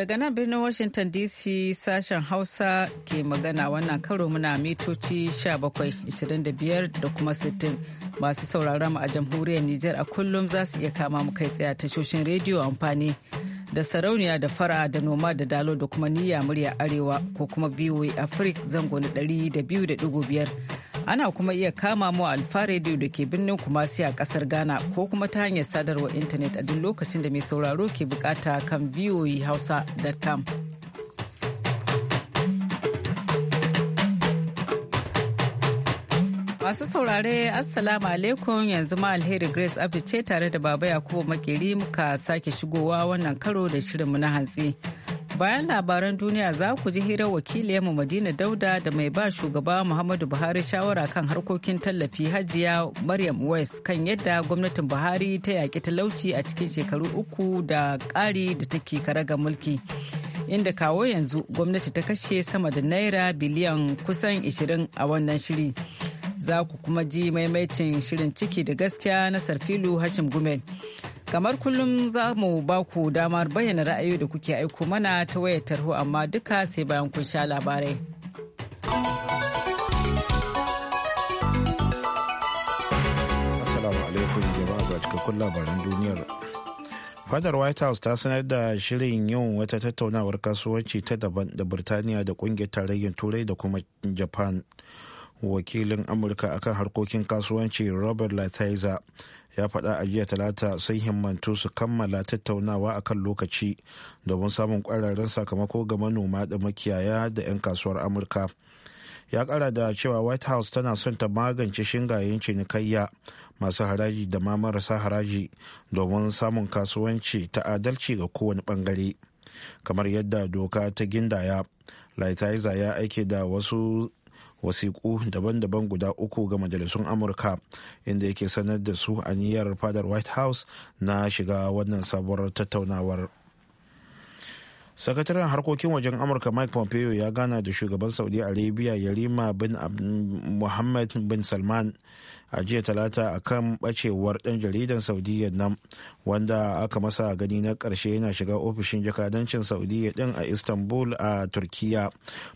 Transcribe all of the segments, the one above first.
daga nan birnin Washington DC sashen Hausa ke magana wannan karo muna mitoci 17-25 da kuma 60 masu sauraron mu a jamhuriyar niger a kullum za su iya kama mu kai tsaye tashoshin rediyo amfani. da sarauniya da fara da noma da dalo da kuma niyya murya arewa ko kuma voa biyu zango na biyar ana kuma iya kama mu alfa radio da ke birnin kumasi a kasar ghana ko kuma ta hanyar sadarwar intanet a duk lokacin da mai sauraro ke bukata kan hausa.com masu saurare assalamu alaikum yanzu ma alheri grace abdu ce tare da baba yakubu makeri muka sake shigowa wannan karo da shirinmu na hantsi bayan labaran duniya za ku ji hirar wakiliyarmu madina dauda da mai ba shugaba muhammadu buhari shawara kan harkokin tallafi hajiya maryam west kan yadda gwamnatin buhari ta yaƙi talauci a cikin shekaru uku da ƙari da take karaga mulki inda kawo yanzu gwamnati ta kashe sama da naira biliyan kusan 20 a wannan shiri za ku kuma ji maimaitin shirin ciki da gaskiya na sarfilu hashim gumen kamar kullum za mu ba ku damar bayyana ra'ayi da kuke aiko mana ta wayar tarho amma duka sai bayan kun sha labarai assalamu alaikum jama'a ga cikakkun labaran duniyar fadar white house ta sanar da shirin yin wata tattaunawar kasuwanci ta daban da birtaniya da kungiyar tarayyar turai da kuma japan wakilin amurka akan harkokin kasuwanci robert lathizer ya faɗa a jiya talata sun himmantu su kammala tattaunawa akan lokaci domin samun kwararren sakamako ga manoma da makiyaya da 'yan kasuwar amurka ya kara da cewa white house tana son ta magance shingayen cinikayya masu haraji da ma marasa haraji domin samun kasuwanci ta adalci ga kowane bangare kamar yadda doka ta gindaya lighthizer ya aike da wasu wasiƙu daban-daban guda uku ga majalisun amurka inda yake sanar da su a niyyar fadar white house na shiga wannan sabuwar tattaunawar sakataren harkokin wajen amurka mike pompeo ya gana da shugaban saudi arabia yarima bin muhammad bin salman a jiya talata a kan bacewar dan jaridan saudiya nan wanda aka masa gani na karshe yana shiga ofishin jakadancin saudiya din a istanbul a turkiya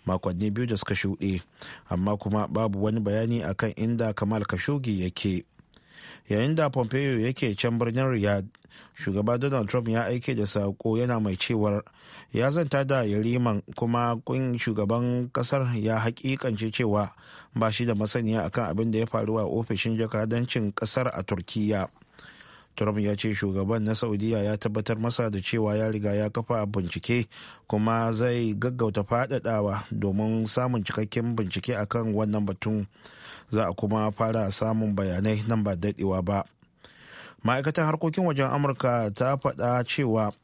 makonni biyu da suka shuɗe amma kuma babu wani bayani akan inda kamal kashogi yake yayin da pompeo yake can birnin riyadh shugaba donald trump ya aike da saƙo yana mai cewar ya zanta da yariman kuma kun shugaban kasar ya haƙiƙance cewa ba shi da masaniya akan abin da ya faru a ofishin jakadancin kasar a turkiyya trump ya ce shugaban na saudiya ya tabbatar masa da cewa ya riga ya kafa bincike kuma zai gaggauta faɗaɗawa domin samun cikakken bincike akan wannan batun za a kuma fara samun bayanai nan ba daɗewa ba ma'aikatan harkokin wajen amurka ta faɗa cewa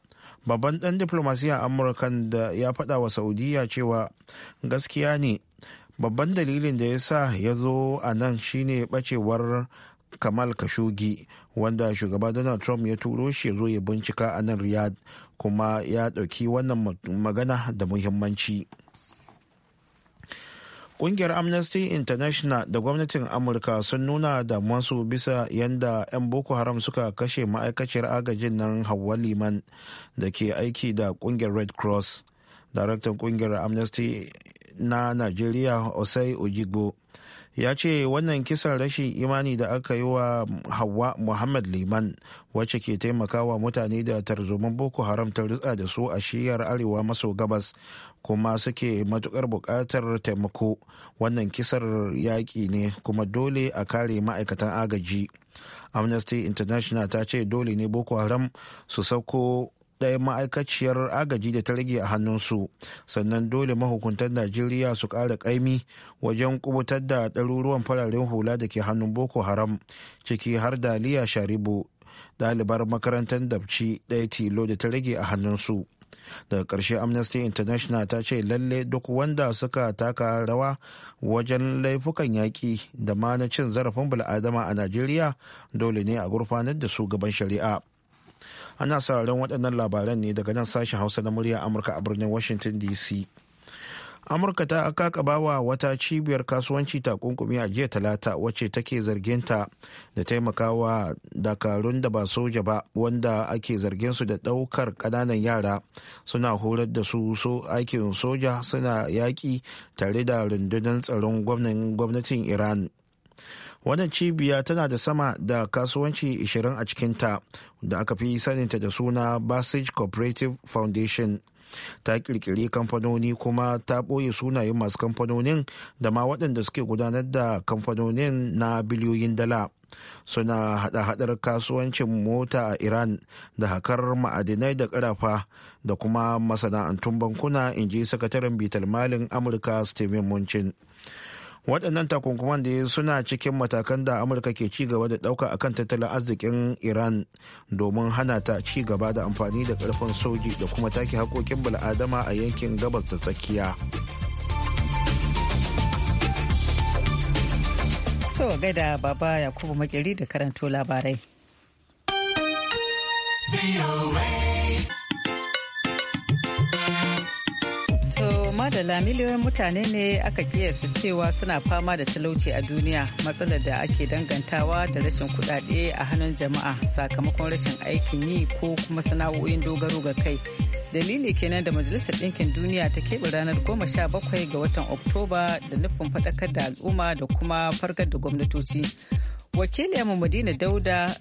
babban ɗan diplomasiyyar amurkan da ya faɗa wa saudiya cewa gaskiya ne babban dalilin da ya sa ya zo a nan shine bacewar kamal kashogi wanda shugaba donald trump ya turo shi zo ya bincika a nan riyadh kuma ya ɗauki wannan magana da muhimmanci Ƙungiyar Amnesty International da gwamnatin Amurka sun nuna da masu bisa yadda 'yan Boko Haram suka kashe ma'aikaciyar agajin nan Hauwa Liman da ke aiki da ƙungiyar Red Cross. Daraktan ƙungiyar Amnesty na Najeriya Osei Ojigbo ya ce wannan kisan rashin imani da aka yi wa hawa muhammad liman wacce ke taimakawa mutane da tarzoman boko haram ta ritsa da su a shiyar arewa maso gabas kuma suke matukar buƙatar taimako wannan kisar yaƙi ne kuma dole a kare ma'aikatan agaji amnesty international ta ce dole ne boko haram su sauko ɗaya ma'aikaciyar agaji da ta rage a hannunsu sannan dole mahukuntar najeriya su ƙara ƙaimi wajen kubutar da ɗaruruwan fararen hula da ke hannun boko haram ciki har da liya sharibu ɗalibar makarantar dabci ɗaya tilo da ta rage a hannunsu daga ƙarshe amnesty international ta ce lalle duk wanda suka taka rawa wajen laifukan yaƙi da ma na cin zarafin bil'adama a najeriya dole ne a gurfanar da su gaban shari'a ana sauraron waɗannan labaran ne daga nan sashen hausa na murya amurka a birnin washington dc amurka ta akakaba wa wata cibiyar kasuwanci takunkumi a jiya talata wacce take zarginta da taimakawa dakarun da ba soja ba wanda ake zargin su da daukar kananan yara suna horar da su so aikin soja suna yaƙi tare da rundunar tsaron gwamnatin iran wannan cibiya tana da sama da kasuwanci 20 a cikin ta da aka fi saninta da suna basage cooperative foundation ta kirkiri kamfanoni kuma ta ɓoye sunayen masu kamfanonin da ma waɗanda suke gudanar da kamfanonin na biliyoyin dala suna hada-hadar kasuwancin mota a iran da hakar ma'adinai da ƙarafa da kuma masana'antun bankuna in ji sakataren bitar malin amurka steven munchin waɗannan takunkuman da suna cikin matakan da amurka ke ci gaba da ɗauka akan tattalin arzikin iran domin hana ta ci gaba da amfani da ƙarfin soji da kuma take haƙoƙin bal'adama a yankin gabas da tsakiya to gaida baba yakubu makeri da karanto labarai da miliyoyin mutane ne aka kiyasta cewa suna fama da talauci a duniya matsalar da ake dangantawa da rashin kudade a hannun jama'a sakamakon rashin aikin yi ko kuma sana'o'in dogaro ga kai. Dalili kenan da Majalisar Ɗinkin Duniya ta keɓe ranar 17 ga watan Oktoba da nufin faɗakar da al'umma da kuma farkar da gwamnatoci. Wakiliyar Madina Dauda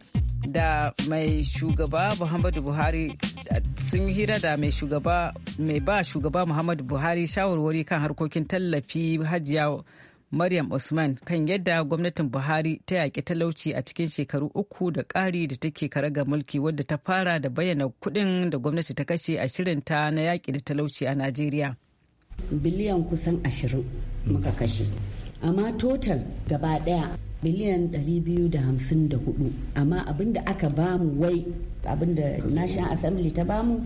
da mai shugaba Muhammadu Buhari sun yi hira da mai shugaba mai ba shugaba Muhammadu Buhari shawarwari kan harkokin tallafi hajiya Maryam Usman kan yadda gwamnatin Buhari ta yaƙi talauci a cikin shekaru uku da ƙari da take karaga mulki wadda ta fara da bayyana kuɗin da gwamnati ta kashe a shirinta na yaƙi da talauci a Najeriya. Biliyan kusan ashirin muka kashe. Amma total gaba ɗaya miliyan 254 amma abinda aka bamu wai abinda national assembly ta bamu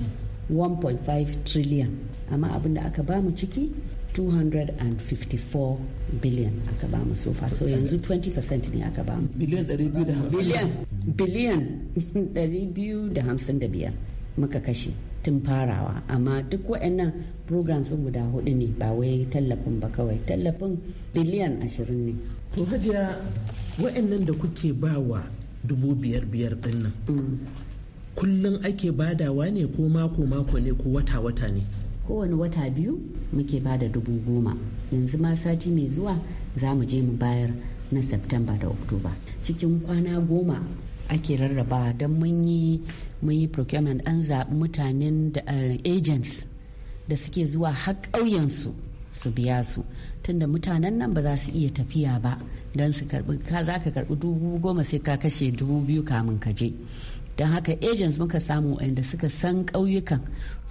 1.5 trillion amma abinda aka bamu ciki 254 billion aka ba mu sofa so yanzu 20% ne aka ba mu biliyan 255 muka kashe tun farawa amma duk waɗannan programs guda hudu ne ba wai tallafin ba kawai tallafin biliyan 20 ne to hajiya wa'annan da kuke ba wa dubu biyar biyar din kullum ake badawa ne ko mako mako ne ko wata wata ne kowane wata biyu muke bada dubu goma yanzu ma sati mai zuwa za mu je mu bayar na september da oktoba cikin kwana goma ake rarraba don mun yi mun yi procurement an zaɓi mutanen da eh, agents da suke zuwa har ƙauyensu su biya su tunda mutanen nan ba za su iya tafiya ba don su karbi ka za ka karbi dubu goma sai ka kashe dubu biyu kamun ka je don haka agents muka samu wanda suka san kauyukan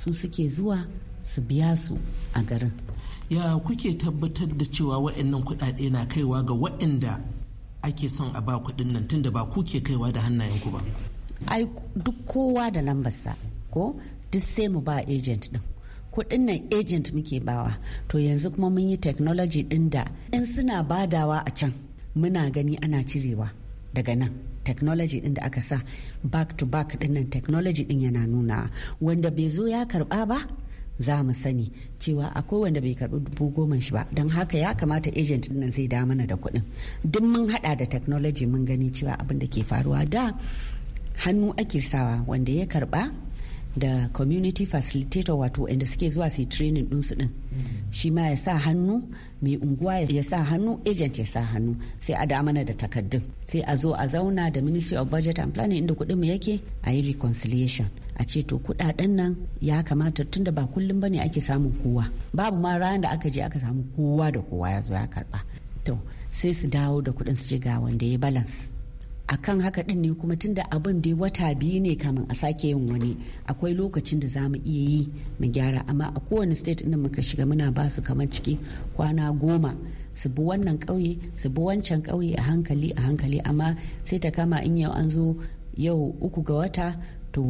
su suke zuwa su biya su a garin ya kuke tabbatar da cewa waɗannan kuɗaɗe na kaiwa ga waɗanda ake son a ba kuɗin nan tunda ba kuke kaiwa da hannayenku ba ai duk kowa da lambarsa ko duk sai mu ba agent din kuɗin nan agent muke bawa to yanzu kuma mun yi technology din da in suna badawa a can muna gani ana cirewa daga nan technology din da aka sa back to back dinnan nan technology ɗin yana nuna wanda bai zo ya karba ba za mu sani cewa akwai wanda bai karbi dubu goma shi ba don haka ya kamata agent nan zai da mana da kuɗin duk mun hada da technology mun gani cewa abin da ke faruwa da hannu ake sawa wanda ya karba da community facilitator wato inda suke zuwa su training din su din shi ma ya sa hannu mai unguwa ya sa hannu agent ya sa hannu sai a damana da takardun. sai a zo a zauna da ministry of budget and planning inda kuɗin mu yake a yi reconciliation a ce to kudaden nan ya kamata tunda ba kullum bane ake samun kowa babu ma ranar da aka je aka samu kowa da kowa ya zo ya karba to sai su dawo da kuɗin su ga wanda ya balance akan haka din ne kuma tunda abin da wata biyu ne kamin a sake yin wani akwai lokacin da za mu iya yi mu gyara amma a kowane state din muka shiga muna ba su kamar ciki kwana goma su bi wannan kauye su bi wancan kauye a hankali a hankali amma sai ta kama in yau an zo yau uku ga wata to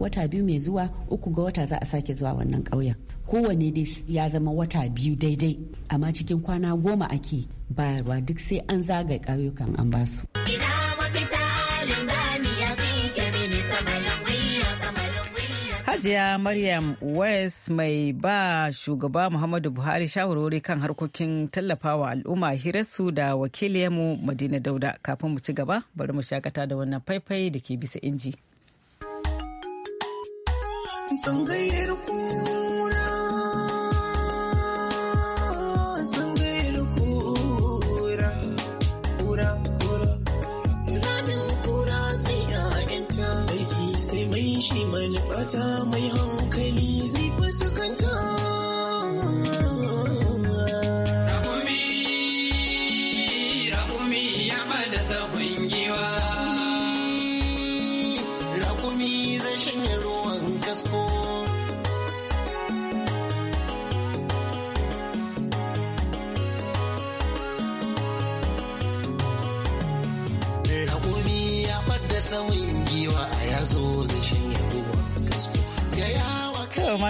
wata biyu mai zuwa uku ga wata za a sake zuwa wannan kauyen kowane dai ya zama wata biyu daidai amma cikin kwana goma ake bayarwa duk sai an zagaye ƙauyukan an basu. Najeriya Maryam West mai ba shugaba Muhammadu Buhari shawarwari kan harkokin tallafawa al'umma hirarsu da wakiliyarmu Madina Dauda kafin mu ci gaba bari mu shakata da wannan faifai da ke bisa inji. ku bata mai hankali zai fi sakanta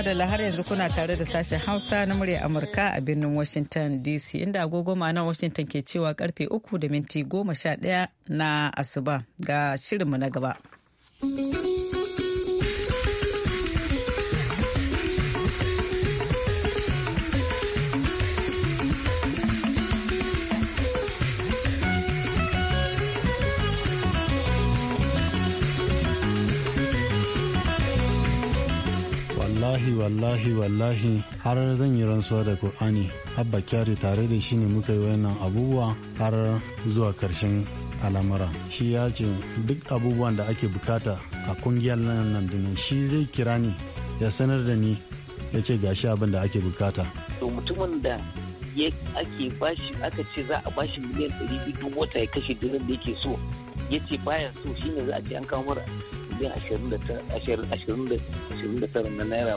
da har yanzu kuna tare da sashen Hausa na murya Amurka a birnin Washington DC inda agogo ma'anar Washington ke cewa karfe uku da minti goma sha ɗaya na asuba ga shirinmu na gaba. wallahi wallahi wallahi har zan yi rantsuwa da kur'ani abba kyari tare da shi ne muka yi wannan abubuwa har zuwa karshen al'amura shi ya ce duk abubuwan da ake bukata a kungiyar nan dinan shi zai kira ni ya sanar da ni ya ce ga shi abin da ake bukata to mutumin da ya aka ce za a bashi miliyan duk wata ya kashe durin da yake so ya ce baya so shine za a ce an kawo mara biliyan ashirin da tara na naira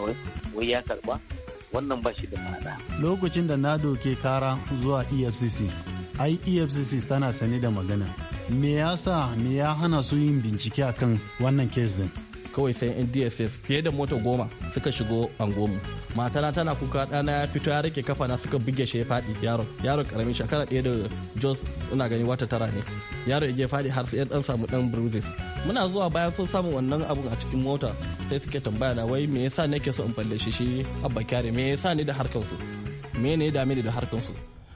wai ya karba wannan ba shi da ma'ana. lokacin da na doke kara zuwa efcc ai efcc tana sane da magana me ya sa me ya hana su yin bincike akan wannan kesin? kawai sai yan dss fiye da mota goma suka shigo angomu matana tana kuka ɗana ya fito ya rike kafa na suka buge shi ya faɗi yaro yaro karamin shekara ɗaya da jos ina gani wata tara ne yaro ya je faɗi har sai ɗan samu ɗan bruises muna zuwa bayan sun samu wannan abun a cikin mota sai suke tambaya na wai me yasa nake so in fallashe shi abba kyare me yasa ni da su me ne da dame ni da su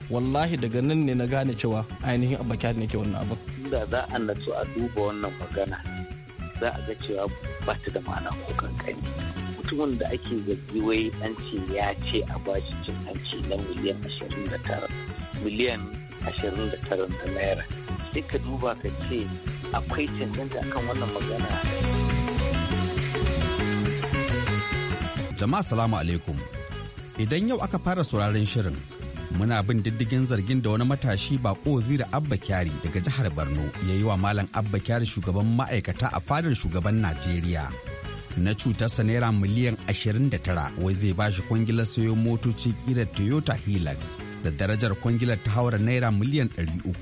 wallahi daga nan ne na gane cewa ainihin abba kyari nake wannan abin da za a natsu a duba wannan magana za a ga cewa ba ta da ma'ana ko kankani mutumin da ake zargi wai an ce ya ce a bashi cin hanci na miliyan ashirin da tara miliyan ashirin da tara na naira sai ka duba ka ce akwai cancanta akan wannan magana jama'a salamu alaikum idan yau aka fara sauraron shirin muna bin diddigin zargin da wani matashi bako zira abba kyari daga jihar borno ya yi wa malam abba kyari shugaban ma'aikata a fadar shugaban najeriya na cutarsa naira miliyan 29 wai zai ba shi kwangilar sayo motoci irin toyota hilux da darajar kwangilar ta haura naira miliyan 300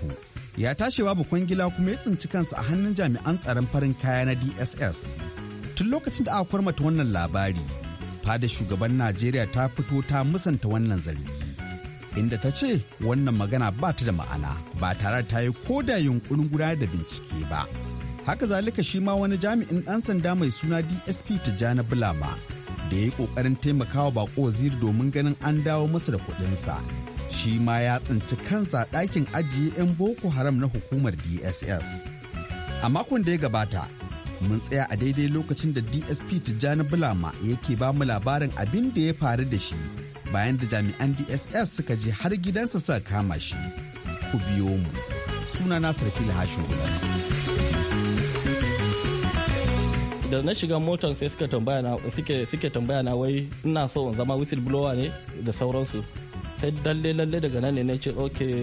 ya tashi babu kwangila kuma ya tsinci kansa a hannun jami'an tsaron farin kaya na dss tun lokacin da aka kwarmata wannan labari fadar shugaban najeriya ta fito ta musanta wannan zargi inda ta ce wannan magana ba ta da ma'ana ba tare ta yi ko da yunkurin gudanar da bincike ba. Haka zalika shi ma wani jami'in ɗan sanda mai suna DSP Tijjani Bulama da ya yi ƙoƙarin taimakawa bako waziri domin ganin an dawo masa da kuɗinsa. Shi ma ya tsinci kansa ɗakin ajiye 'yan Boko Haram na hukumar DSS. A makon da ya gabata, mun tsaya a daidai lokacin da DSP Tijjani Bulama yake ba mu labarin abin da ya faru da shi bayan da jami'an dss suka je har gidansa suka kama shi ku biyo mu suna nasir fili da na shiga motar sai suka tambaya na suke suke tambaya na wai ina so in zama whistleblower ne da sauransu sai lalle lalle daga nan ne na ce okay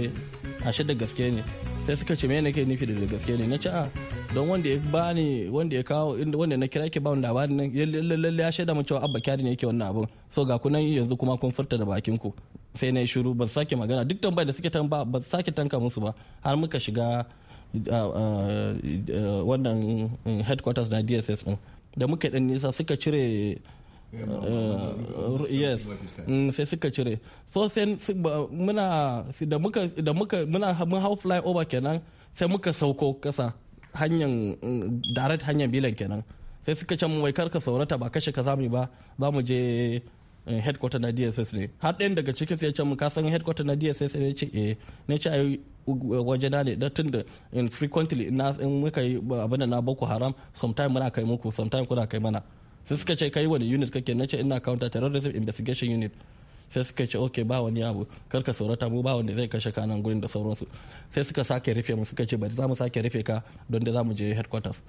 ashe da gaske ne sai suka ce me nake nufi da gaske ne na ce a ah, don wanda ya bani wanda ya kawo wanda na kira yake ba wani labarin nan lalle ya shaida mun cewa abba kyari ne yake wannan abun so ga kunan yanzu kuma kun furta da bakin ku sai na yi shiru ban sake magana duk tambayar da suke tamba ban sake tanka musu ba har muka shiga ah, ah, ah, wannan mm, headquarters na DSS din da muka dan nisa suka cire yes mm, sai suka cire so sai muna da muka muna mun hau flyover kenan sai muka sauko kasa hanyar mm, direct hanyar bilan kenan sai suka ce mu wai karka saurata ba kashe ka zamu ba za mu je eh, headquarter na dss ne har ɗayan daga cikin sai ya ce mu ka san headquarter na dss ne ce eh ne ce ai waje na ne da tun da in frequently na in muka yi abin da na boko haram sometime muna kai muku sometime kuna kai mana sai suka ce kai wani unit kake na ce ina counter terrorism investigation unit sai suka ce ok ba wani abu karka saurata mu ba wanda zai kashe kanan gurin da sauransu sai suka sake rufe mu suka ce bari za mu sake rufe ka don da za mu je headquarters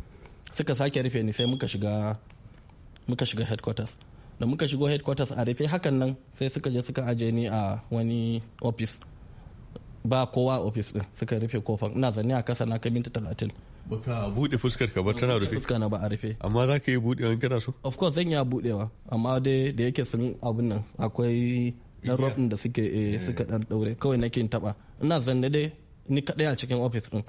suka sake rufe ni sai muka shiga muka shiga headquarters da muka shigo headquarters a rufe hakan nan sai suka je suka aje ni a wani office ba kowa office din suka rufe kofan ina zanne a kasa na kai minti talatin baka bude fuskar ka ba tana rufe fuska na ba a rufe amma za ka yi budewa kana so of course zan iya budewa amma dai da yake sun abun nan akwai na rufin da suke eh, eh. suka dan daure kawai nake taba ina zanne dai ni kadai a cikin office din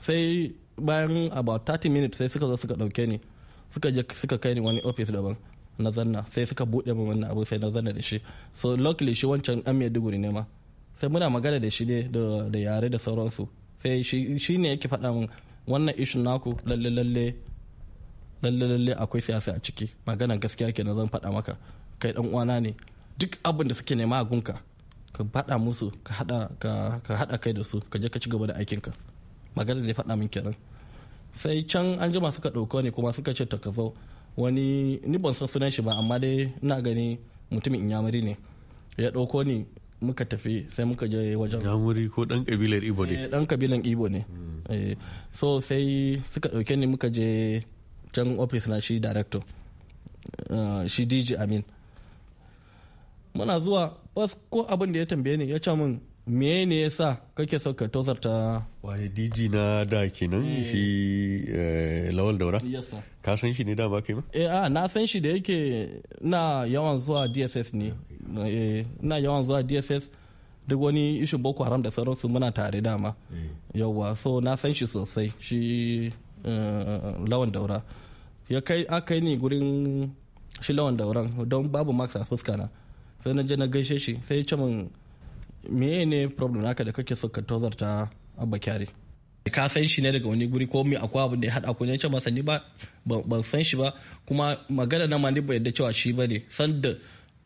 sai bayan about 30 minutes sai suka zo suka dauke ni suka je suka kai ni wani office daban na zanna sai suka bude min wannan abu sai na zanna da shi so luckily shi wancan dan Maiduguri ne ma sai muna magana da shi ne da yare da sauransu sai shi ne yake faɗa min wannan ishin naku lalle lalle lalle lalle akwai siyasa a ciki maganan gaskiya ke zan faɗa maka kai dan uwana ne duk abin da suke nema a gunka ka faɗa musu ka haɗa kai da su ka je ka ci gaba da aikinka magana da ya faɗa min kenan sai can an jima suka ɗauka ne kuma suka ce ta ka zo wani ni ban san sunan shi ba amma dai ina gani mutumin inyamuri ne ya ɗauko ni muka tafi sai muka je wajen yamuri ko dan kabilar ibo ne dan eh, kabilan ibo ne hmm. eh, so sai suka dauke ni muka je can office na shi director eh, shi dj amin muna zuwa bas ko abin da ya tambaye ni ya ce min me ne ya sa kake so ka tozarta waye dg na da kenan eh. shi eh, lawal daura ka san shi ne da ba kai ma eh a ah, na san shi da yake na yawan zuwa dss ne eh, na yawan zuwa dss duk wani ishin boko haram da sauransu muna tare dama yawwa so na san shi sosai shi lawan daura ya kai aka yi ni gurin shi lawan dauran don babu max a fuska na sai na je na gaishe shi sai ya ce min mene ne problem naka da kake so ka tozarta abba kyare ka san shi ne daga wani guri ko mai akwai abin da ya haɗa ku ne ba sani ba ban san shi ba kuma magana na mani ba yadda cewa shi ba ne sanda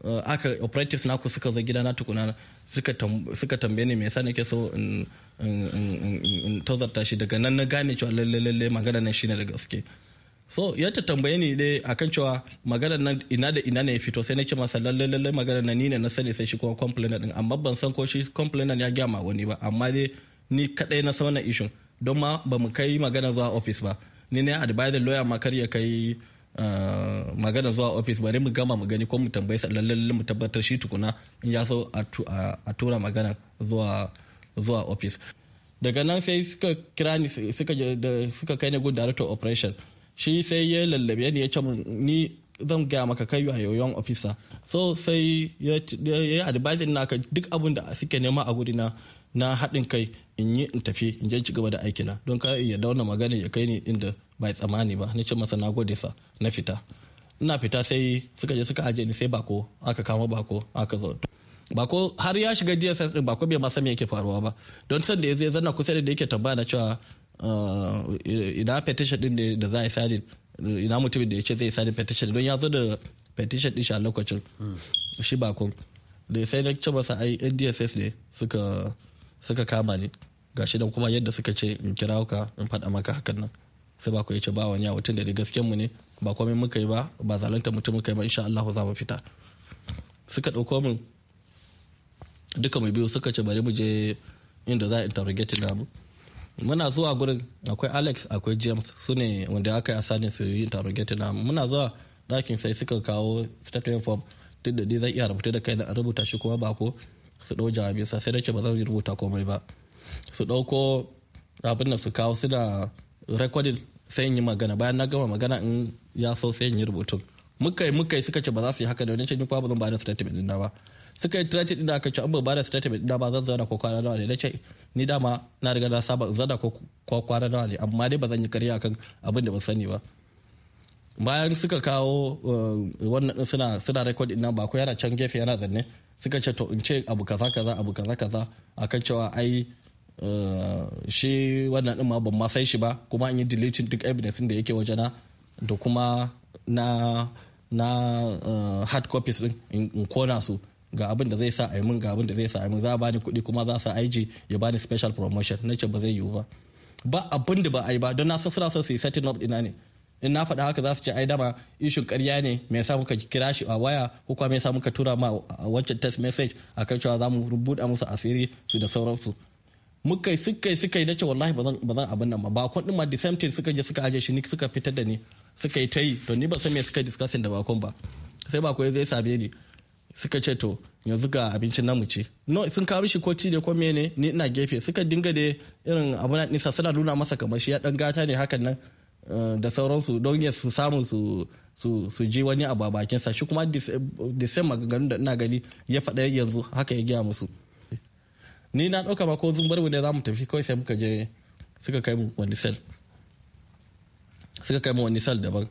eh, aka operatives naku suka zo gida na tukuna suka tambaye ni me yasa nake so in tozarta shi daga nan na gane cewa lalle lalle magana nan ne da gaske so yadda tambaye ni dai akan cewa maganar nan ina da ina ne ya fito sai na masa lalle lallai maganar nan ni ne na sani sai shi kuma complainer din amma ban san ko shi complainer ya gyama wani ba amma dai ni kadai na san wannan issue don ma ba mu kai magana zuwa office ba ni ne advisor lawyer ma kar ya kai eh, magana zuwa office bari mu gama mu gani ko mu tambaye sa lallai mu tabbatar shi tukuna in ya so a tura magana zuwa zuwa office daga nan sai suka kira ni suka kai ni good director operation shi sai ya lallabe ni ya ce ni zan gaya maka kai a yoyon ofisa so sai ya yi advising na ka duk abin da suke nema a gudina na haɗin kai in yi in tafi in je ci gaba da aikina don kar ya dauna magana ya kai ni inda bai tsamani ba na ce masa na gode sa na fita ina fita sai suka je suka aje ni sai bako aka kama bako aka zo bako har ya shiga dss din bako bai ma san me yake faruwa ba don san da ya zai zanna kusa da yake tambaya na cewa Eh, ina petition din da za a sadi ina mutumin da ya ce zai sadi petition don ya zo da petition din shi a lokacin shi kun da sai na ce masa ai ndss ne suka suka kama ni gashi da kuma yadda suka ce in kira ka in faɗa maka hakan nan sai ba ku ya ce ba wani a wutun da da mu ne ba komai muka yi ba ba zalanta mutum muka yi ba insha Allah za mu fita suka ɗauko min duka mai biyu suka ce bari mu je inda za a interrogate namu mu muna zuwa gurin akwai alex akwai james su ne wanda aka yi asalin su yi interrogate na muna zuwa ɗakin sai suka kawo statement form duk da dai zai iya rubuta da kai na rubuta shi kuma ba ko su ɗau jawabi sa sai da ke ba zan rubuta komai ba su ɗauko abin da su kawo su da recording sai yi magana bayan na gama magana in ya so sai yi rubutun muka yi muka yi suka ce ba za su yi haka da wani ce ni kuma ba zan ba da statement ɗin ba suka yi ɗin da aka ci an ba da statement da ba zan zana ko kwana nawa ne na ce ni dama na riga na saba zana ko kwana nawa ne amma dai ba zan yi karya kan abin da ban sani ba bayan suka kawo eh, wannan suna suna record din nan ba ko yana can gefe yana zanne suka ce to in ce abu kaza kaza abu kaza kaza akan cewa ai eh, shi wannan din ma ban ma sai shi ba kuma an yi deleting duk evidence da yake wajena da kuma na na eh, hard copies din in kona su ga abin da zai sa a yi min ga abin da zai sa a yi min za a bani kuɗi kuma za su aiji ya bani special promotion na ce ba zai yiwu ba ba abin da ba a yi ba don na su suna su yi setting up ina ne in na faɗa haka za su ce ai dama ishin ƙarya ne me yasa muka kira shi a waya ko kuma me yasa muka tura ma wancan text message akan cewa za mu rubuta musu asiri su da sauransu muka yi suka yi suka yi nace wallahi ba zan abin nan ba bakon din ma the same thing suka je suka aje shi ni suka fitar da ni suka yi ta yi to ni ba san me suka discussing da bakon ba sai bako ya zai same ni suka ce to yanzu ga abincin namu ce no sun kawo shi ko ci da ko mene ni ina gefe suka dinga da irin abu na nisa suna nuna masa kamar shi ya dan gata ne hakan nan eh, da sauransu don ya su samu su su su ji wani abu a bakin sa shi kuma da sai maganganun da ina gani ya faɗa yanzu haka ya gaya musu ni na ɗauka ma ko zumbar ne za mu tafi kawai sai muka je suka kai mu wani sel suka kai mu wani sel daban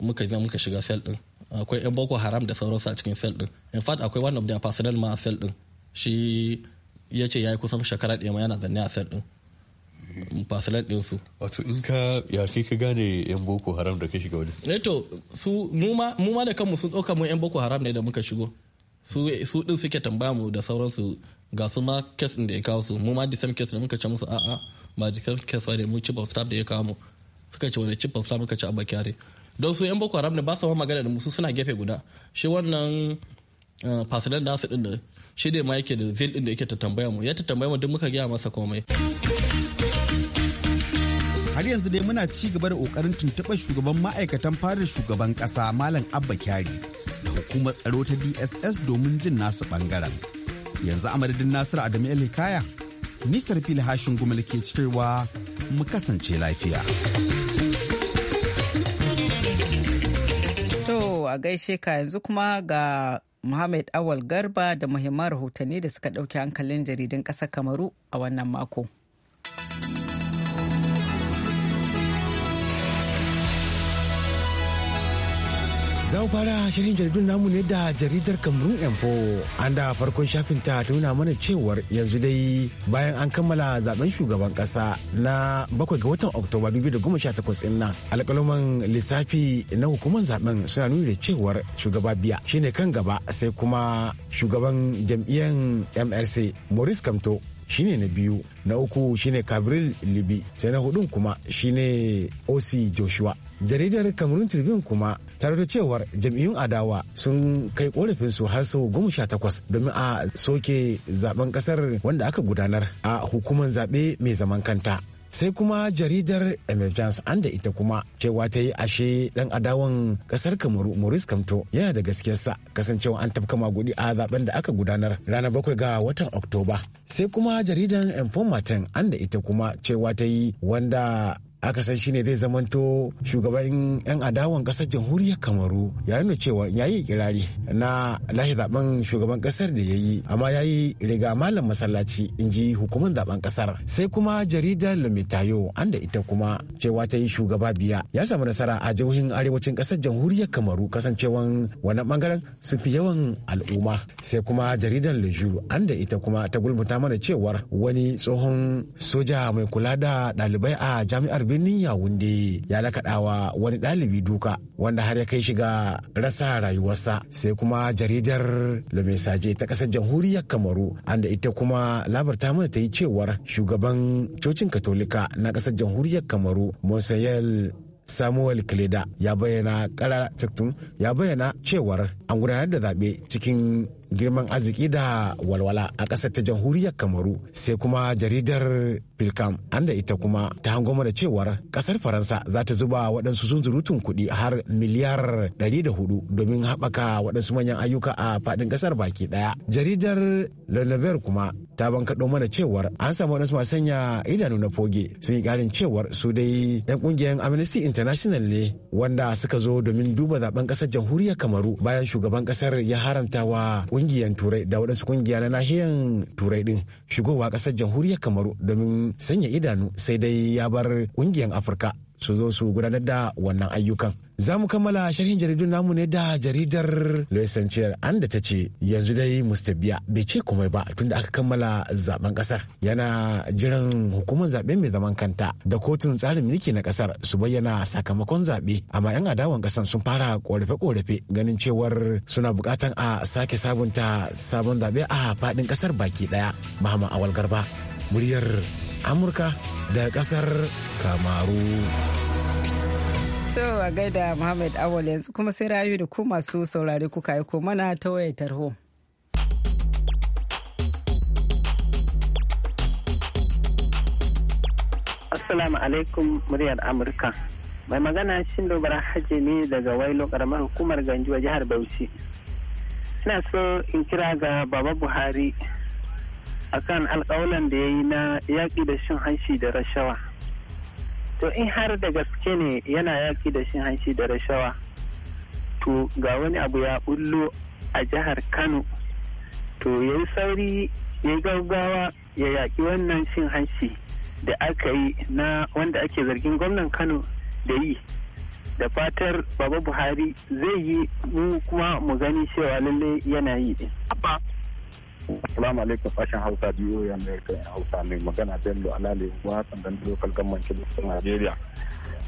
muka zama muka shiga sel din akwai yan boko haram da sauransu a cikin sel din in fact akwai one of their personnel ma a sel din shi ya ce ya yi kusan shekara ɗaya ma yana zanne a sel din personnel din su wato in ka ya kai ka gane yan boko haram da ka shiga wani eh to su mu ma da kanmu sun ɗauka mu yan boko haram ne da muka shigo su su din suke tambaya mu da sauransu ga su ma kes din da ya kawo su mu ma disam case da muka ce musu a'a ba disam kes ba ne mu ci baustrap da ya kawo mu suka ce wani ci baustrap muka ci abakiyare don su yan boko haram ne ba su magana da musu suna gefe guda shi wannan eh, fasilan da su din da shi ne ma yake da zil din da yake ta tambaya mu ya ta tambaya mu duk muka gaya masa komai har yanzu dai muna ci gaba da kokarin tuntuɓar shugaban ma'aikatan fadar shugaban ƙasa malam abba kyari da hukumar tsaro ta dss domin jin nasu bangaren yanzu a madadin nasiru adamu el hikaya nisar fili hashin gumal ke cewa mu kasance lafiya. a gaishe ka yanzu kuma ga Muhammad Awal Garba da muhimman rahotanni da suka ɗauki hankalin jaridun ƙasar Kamaru a wannan mako. Za mu fara shirin jaridun namu ne da jaridar Cameroon Info. An da farkon shafin ta nuna mana cewar yanzu dai bayan an kammala zaben shugaban kasa na bakwai ga watan Oktoba 2018 ɗin nan. Alƙaluman lissafi na hukumar zaben suna nuna da cewar shugaba biya shine kan gaba sai kuma shugaban jam'iyyar mlc Maurice Kamto shine na biyu na uku shine Kabril Libi sai na hudun kuma shine osi Joshua. Jaridar Cameroon Tribune kuma tare da cewar jam'iyyun adawa sun kai korafin su har sau goma sha takwas domin a soke zaben kasar wanda aka gudanar a hukumar zaɓe mai zaman kanta. sai kuma jaridar emergence an da ita kuma cewa ta yi ashe dan adawan kasar kamaru maurice kamto yana da gaskiyarsa kasancewa an tafka magudi a zaben da aka gudanar ranar bakwai ga watan oktoba sai kuma jaridar informatin an da ita kuma cewa ta yi wanda aka san shine zai zamanto shugaban 'yan adawan kasar jamhuriyar kamaru Yayin da cewa yayi kirari na lashe zaben shugaban kasar da ya yi amma yayi riga malam masallaci in ji hukumar zaben kasar sai kuma jaridar lumitayo an da ita kuma cewa ta yi shugaba biya ya samu nasara a jihohin arewacin kasar jamhuriyar kamaru kasancewan wannan bangaren sun fi yawan al'umma sai kuma jaridar leju an da ita kuma ta gulmuta mana cewar wani tsohon soja mai kula da ɗalibai a jami'ar birnin yawunde ya lakaɗawa wani ɗalibi duka wanda har ya kai shiga rasa rayuwarsa sai kuma jaridar lomesaje ta ƙasar jamhuriyar kamaru anda ita kuma labarta mana ta yi cewar shugaban cocin katolika na ƙasar jamhuriyar kamaru monsayel samuel kleda ya bayyana ya bayyana cewar an gudanar da zaɓe cikin girman arziki da walwala a ƙasar ta jamhuriyar kamaru sai kuma jaridar pilkam anda ita kuma ta hango da cewar ƙasar faransa za ta zuba waɗansu zunzurutun kuɗi har miliyar 104 domin haɓaka waɗansu manyan ayyuka a faɗin ƙasar baki ɗaya jaridar lalaver kuma ta bankaɗo mana cewar an samu waɗansu masu sanya idanu na foge sun yi ƙarin cewar su dai 'yan ƙungiyar amnesty international ne wanda suka zo domin duba zaben ƙasar jamhuriyar kamaru bayan shugaban ƙasar ya haramta wa kungiyar turai da waɗansu kungiya na nahiyar turai din shigowa ƙasar jamhuriyar kamaru domin sanya idanu sai dai ya bar kungiyar afirka su zo su gudanar da wannan ayyukan. Za mu kammala sharhin jaridun namu ne da jaridar Louis an da ta ce yanzu dai biya bai ce komai ba tunda aka kammala zaben kasar yana jiran hukumar zaɓe mai zaman kanta da kotun tsarin mulki na kasar su bayyana sakamakon zaɓe amma yan adawan kasan sun fara korafe-korafe ganin cewar suna buƙatan a sake sabunta sabon zaɓe a faɗin kasar baki ɗaya Muhammad Awal Garba muryar amurka da kasar kamaru so a gaida muhammad awal yanzu kuma sai rayu da ku masu saurari kuka aiko mana ta wayar tarho assalamu alaikum muryar amurka mai magana shindo hajji ne daga wailo karamar hukumar ganjuwa jihar bauchi ina so in kira ga baba buhari akan alkawalan da ya yi na yaƙi da shin hanshi da rashawa to in har da gaske ne yana yaƙi da shin hanshi da rashawa to ga wani abu ya bullo a jihar kano to ya yi sauri ya yi gaggawa ya yaƙi wannan shin hanshi da aka yi na wanda ake zargin gwamnan kano da yi da fatar baba buhari zai yi mu kuma mu gani cewa lallai yana yi din. Salamu alaikum fashin Hausa biyo ya Amerika yan Hausa ne magana Bello Alale wa sandan local government Kilistin Najeriya.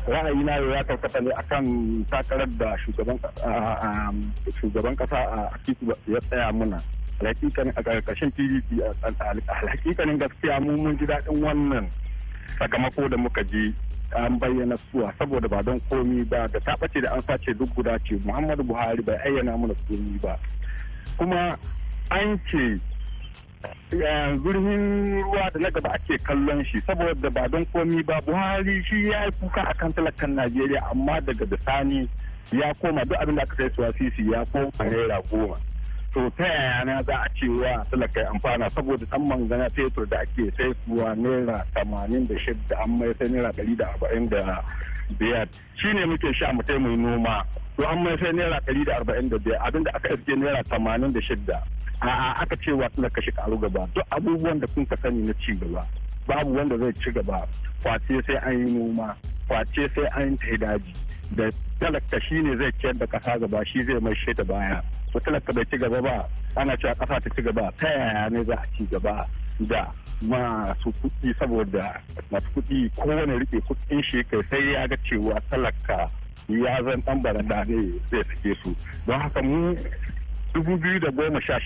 Ra'ayi na ya karkata ne akan takarar da shugaban kasa a Atiku ya tsaya muna. Alhakikanin a ƙarƙashin PDP alhakikanin gaskiya mu mun ji daɗin wannan sakamako da muka ji an bayyana suwa saboda ba don komi ba da ta ɓace da an sace duk guda ce Muhammadu Buhari bai ayyana mana komi ba. Kuma an ce gurbin ruwa da na gaba ake kallon shi saboda ba don komi ba buhari shi ya yi kuka akan talakan najeriya amma daga sani ya koma duk abin da aka sai suwa sisi ya koma naira goma to ta yaya na za a ce wa talaka amfana saboda san mangana fetur da ake sai kuwa naira tamanin da shida an mai sai naira ɗari da arba'in da biyar shi ne muke sha mu mai noma to an mai sai naira ɗari da arba'in da biyar abinda aka iske naira tamanin da shida a aka ce wa talaka shi karu gaba duk abubuwan da kun ka sani na ci gaba babu wanda zai ci gaba face sai an yi noma face sai an yi daji da talaka shi ne zai ciyar da kasa gaba shi zai mai da baya ko talaka bai ci gaba ba ana cewa kasa ta ci gaba ta yaya ne za a ci gaba da masu kuɗi saboda masu kuɗi kowane rike kuɗin shi kai sai ya ga cewa talaka ya zan ɗan baranda ne zai sake su don haka mu dubu biyu da goma sha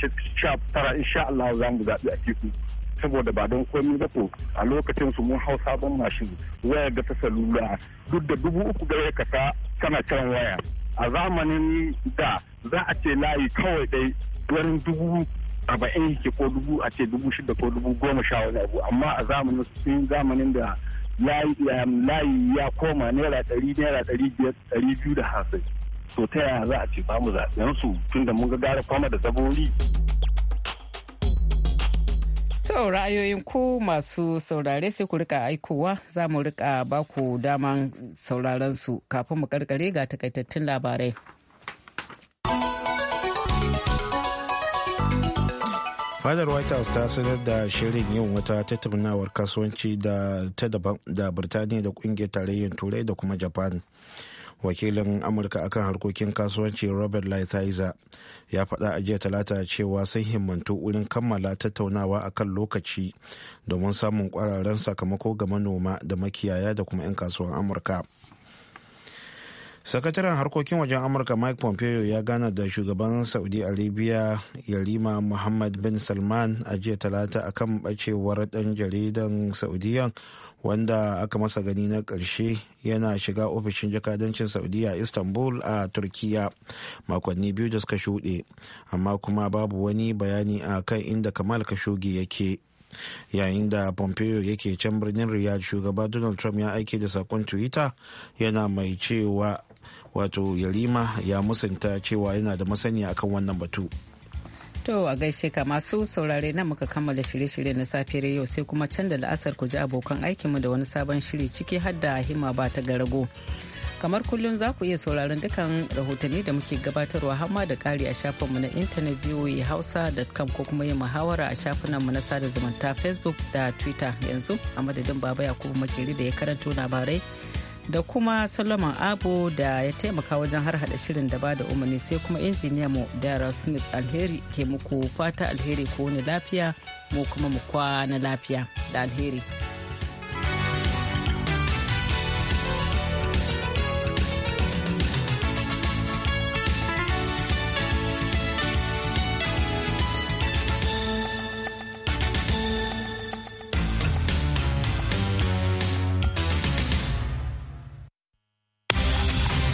tara insha Allah za mu zaɓi a titi saboda ba don komi ba ko a lokacin su mun hau sabon mashin waya da ta salula duk da dubu uku gare ka ta kana kan waya a zamanin da za a ce layi kawai dai wani dubu arba'in yake ko dubu a ce dubu shida ko dubu goma sha wani abu amma a zamanin sun zamanin da um, layi ya koma naira ɗari naira ɗari biyar ɗari biyu da hasai to ta yaya za a ce ba mu zaɓen su tunda mun ga gara kwama da zabori. To ra'ayoyin ku masu saurare sai ku rika aikowa za mu rika ba ku daman sauraron su kafin mu karkare ga takaitattun labarai. fadar white house ta sanar da shirin yin wata tattaunawar kasuwanci da ta daban da birtaniya da kungiyar tarayyar turai da kuma japan wakilin amurka akan harkokin kasuwanci robert lighthizer ya faɗa a jiya talata cewa sun himmantu wurin kammala tattaunawa a kan lokaci domin samun kwararren sakamako ga manoma da makiyaya da kuma 'yan kasuwan amurka sakataren harkokin wajen amurka mike pompeo ya gana da shugaban saudi arabia yarima muhammad bin salman a jiya talata akan bacewar dan jaridan saudiyan wanda aka masa gani na ƙarshe yana shiga ofishin jakadancin saudiya istanbul a turkiya makonni biyu da suka shuɗe amma kuma babu wani bayani a kan inda kamal kashogi yake yayin da pompeo yake can birnin riyadh shugaba donald trump ya aike da sakon twitter yana mai cewa wato yalima ya musanta cewa yana da masaniya akan wannan batu. To a gaishe ka masu saurare na muka kammala shirye-shirye na safiyar yau sai kuma can da la'asar ku ji abokan mu da wani sabon shiri ciki har da hima ba ta garago. Kamar kullum za ku iya sauraron dukkan rahotanni da muke gabatarwa hama da ƙari a shafinmu na intanet da hausa.com ko kuma yin muhawara a shafinanmu na sada zumunta facebook da twitter yanzu a madadin baba yakubu makeri da ya karanto labarai da kuma solomon abu da ya taimaka wajen har hada shirin da ba da umarni sai kuma injiniya mu dara smith alheri ke muku fata alheri ko wani lafiya mu kuma mu kwana lafiya da alheri.